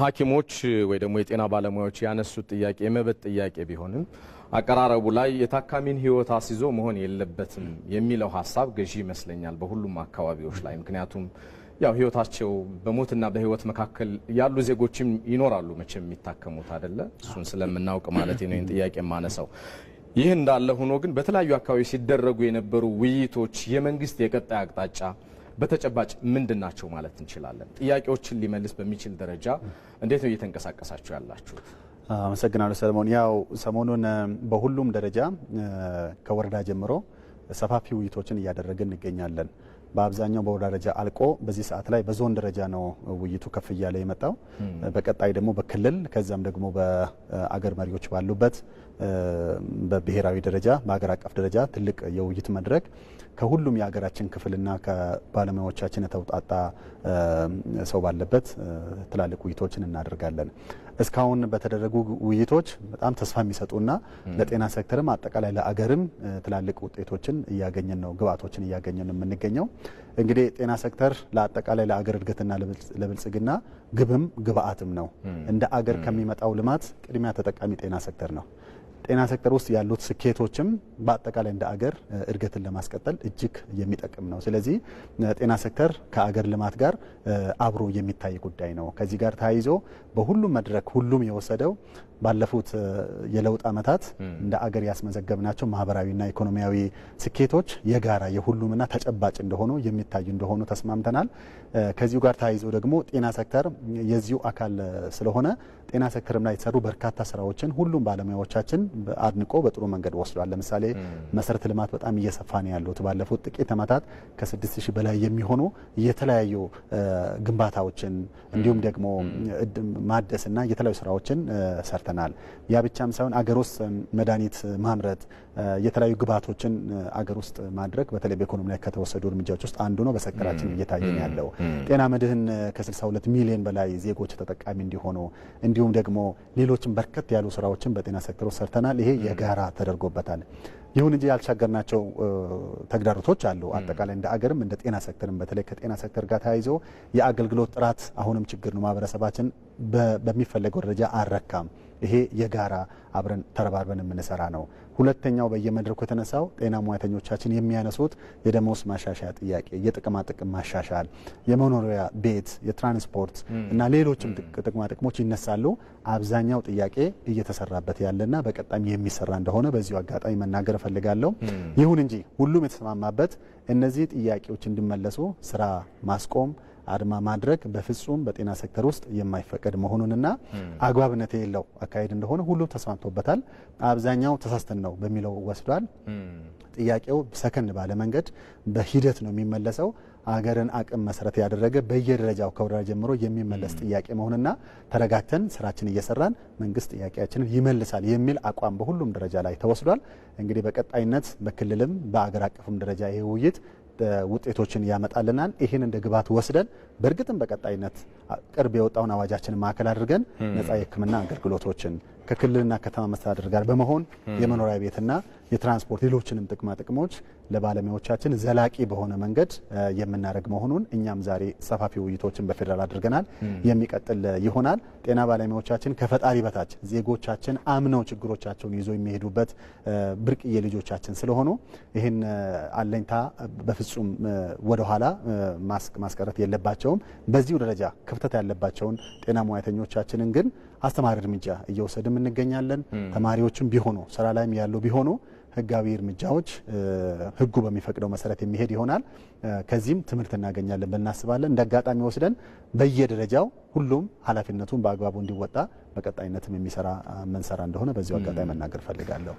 ሐኪሞች ወይ ደግሞ የጤና ባለሙያዎች ያነሱት ጥያቄ የመብት ጥያቄ ቢሆንም አቀራረቡ ላይ የታካሚን ሕይወት አስይዞ መሆን የለበትም የሚለው ሀሳብ ገዢ ይመስለኛል በሁሉም አካባቢዎች ላይ። ምክንያቱም ያው ህይወታቸው በሞትና በህይወት መካከል ያሉ ዜጎችም ይኖራሉ መቼም የሚታከሙት አይደለ? እሱን ስለምናውቅ ማለት ነው ጥያቄ የማነሳው። ይህ እንዳለ ሆኖ ግን በተለያዩ አካባቢ ሲደረጉ የነበሩ ውይይቶች የመንግስት የቀጣይ አቅጣጫ በተጨባጭ ምንድን ናቸው ማለት እንችላለን? ጥያቄዎችን ሊመልስ በሚችል ደረጃ እንዴት ነው እየተንቀሳቀሳችሁ ያላችሁት? አመሰግናለሁ ሰለሞን። ያው ሰሞኑን በሁሉም ደረጃ ከወረዳ ጀምሮ ሰፋፊ ውይይቶችን እያደረግን እንገኛለን። በአብዛኛው በወረዳ ደረጃ አልቆ በዚህ ሰዓት ላይ በዞን ደረጃ ነው ውይይቱ ከፍ እያለ የመጣው። በቀጣይ ደግሞ በክልል ከዚያም ደግሞ በአገር መሪዎች ባሉበት በብሔራዊ ደረጃ በሀገር አቀፍ ደረጃ ትልቅ የውይይት መድረክ ከሁሉም የሀገራችን ክፍልና ከባለሙያዎቻችን የተውጣጣ ሰው ባለበት ትላልቅ ውይይቶችን እናደርጋለን። እስካሁን በተደረጉ ውይይቶች በጣም ተስፋ የሚሰጡና ለጤና ሴክተርም አጠቃላይ ለአገርም ትላልቅ ውጤቶችን እያገኘን ነው፣ ግብአቶችን እያገኘን ነው የምንገኘው። እንግዲህ ጤና ሴክተር ለአጠቃላይ ለአገር እድገትና ለብልጽግና ግብም ግብአትም ነው። እንደ አገር ከሚመጣው ልማት ቅድሚያ ተጠቃሚ ጤና ሴክተር ነው። ጤና ሴክተር ውስጥ ያሉት ስኬቶችም በአጠቃላይ እንደ አገር እድገትን ለማስቀጠል እጅግ የሚጠቅም ነው። ስለዚህ ጤና ሴክተር ከአገር ልማት ጋር አብሮ የሚታይ ጉዳይ ነው። ከዚህ ጋር ተያይዞ በሁሉም መድረክ ሁሉም የወሰደው ባለፉት የለውጥ ዓመታት እንደ አገር ያስመዘገብናቸው ማህበራዊና ኢኮኖሚያዊ ስኬቶች የጋራ የሁሉምና ተጨባጭ እንደሆኑ የሚታዩ እንደሆኑ ተስማምተናል። ከዚሁ ጋር ተያይዞ ደግሞ ጤና ሴክተር የዚሁ አካል ስለሆነ ጤና ሴክተርም ላይ የተሰሩ በርካታ ስራዎችን ሁሉም ባለሙያዎቻችን አድንቆ በጥሩ መንገድ ወስዷል። ለምሳሌ መሰረተ ልማት በጣም እየሰፋ ነው ያሉት። ባለፉት ጥቂት ዓመታት ከ6000 በላይ የሚሆኑ የተለያዩ ግንባታዎችን እንዲሁም ደግሞ ማደስና የተለያዩ ስራዎችን ሰርተናል። ያ ብቻም ሳይሆን አገር ውስጥ መድኃኒት ማምረት የተለያዩ ግብዓቶችን አገር ውስጥ ማድረግ በተለይ በኢኮኖሚ ላይ ከተወሰዱ እርምጃዎች ውስጥ አንዱ ነው። በሰከራችን እየታየን ያለው ጤና መድህን ከ62 ሚሊዮን በላይ ዜጎች ተጠቃሚ እንዲሆኑ እንዲሁም ደግሞ ሌሎችም በርከት ያሉ ስራዎችን በጤና ሴክተር ውስጥ ሰርተናል። ይሄ የጋራ ተደርጎበታል። ይሁን እንጂ ያልሻገርናቸው ተግዳሮቶች አሉ። አጠቃላይ እንደ አገርም እንደ ጤና ሴክተርም በተለይ ከጤና ሴክተር ጋር ተያይዞ የአገልግሎት ጥራት አሁንም ችግር ነው። ማህበረሰባችን በሚፈለገው ደረጃ አረካም ይሄ የጋራ አብረን ተረባርበን የምንሰራ ነው። ሁለተኛው በየመድረኩ የተነሳው ጤና ሙያተኞቻችን የሚያነሱት የደሞዝ ማሻሻያ ጥያቄ፣ የጥቅማጥቅም ማሻሻል፣ የመኖሪያ ቤት፣ የትራንስፖርት እና ሌሎችም ጥቅማጥቅሞች ይነሳሉ። አብዛኛው ጥያቄ እየተሰራበት ያለና በቀጣይም የሚሰራ እንደሆነ በዚሁ አጋጣሚ መናገር እፈልጋለሁ። ይሁን እንጂ ሁሉም የተስማማበት እነዚህ ጥያቄዎች እንዲመለሱ ስራ ማስቆም፣ አድማ ማድረግ በፍጹም በጤና ሴክተር ውስጥ የማይፈቀድ መሆኑንና አግባብነት የሌለው አካሄድ እንደሆነ ሁሉም ተስማምቶበታል። አብዛኛው ተሳስተን ነው በሚለው ወስዷል። ጥያቄው ሰከን ባለ መንገድ በሂደት ነው የሚመለሰው። አገርን አቅም መሰረት ያደረገ በየደረጃው ከወረዳ ጀምሮ የሚመለስ ጥያቄ መሆንና ተረጋግተን ስራችን እየሰራን መንግስት ጥያቄያችንን ይመልሳል የሚል አቋም በሁሉም ደረጃ ላይ ተወስዷል። እንግዲህ በቀጣይነት በክልልም በአገር አቀፍም ደረጃ ይህ ውይይት ውጤቶችን ያመጣልናል። ይህን እንደ ግብዓት ወስደን በእርግጥም በቀጣይነት ቅርብ የወጣውን አዋጃችን ማዕከል አድርገን ነጻ የሕክምና አገልግሎቶችን ከክልልና ከተማ መስተዳደር ጋር በመሆን የመኖሪያ ቤትና የትራንስፖርት ሌሎችንም ጥቅማ ጥቅሞች ለባለሙያዎቻችን ዘላቂ በሆነ መንገድ የምናደርግ መሆኑን እኛም ዛሬ ሰፋፊ ውይይቶችን በፌዴራል አድርገናል። የሚቀጥል ይሆናል። ጤና ባለሙያዎቻችን ከፈጣሪ በታች ዜጎቻችን አምነው ችግሮቻቸውን ይዞ የሚሄዱበት ብርቅዬ ልጆቻችን ስለሆኑ ይህን አለኝታ በፍጹም ወደኋላ ማስቀረት የለባቸው ናቸውም። በዚሁ ደረጃ ክፍተት ያለባቸውን ጤና ሙያተኞቻችንን ግን አስተማሪ እርምጃ እየወሰድም እንገኛለን። ተማሪዎችም ቢሆኑ ስራ ላይም ያሉ ቢሆኑ ህጋዊ እርምጃዎች ህጉ በሚፈቅደው መሰረት የሚሄድ ይሆናል። ከዚህም ትምህርት እናገኛለን ብለን እንደ አጋጣሚ ወስደን በየደረጃው ሁሉም ኃላፊነቱን በአግባቡ እንዲወጣ በቀጣይነትም የሚሰራ መንሰራ እንደሆነ በዚሁ አጋጣሚ መናገር ፈልጋለሁ።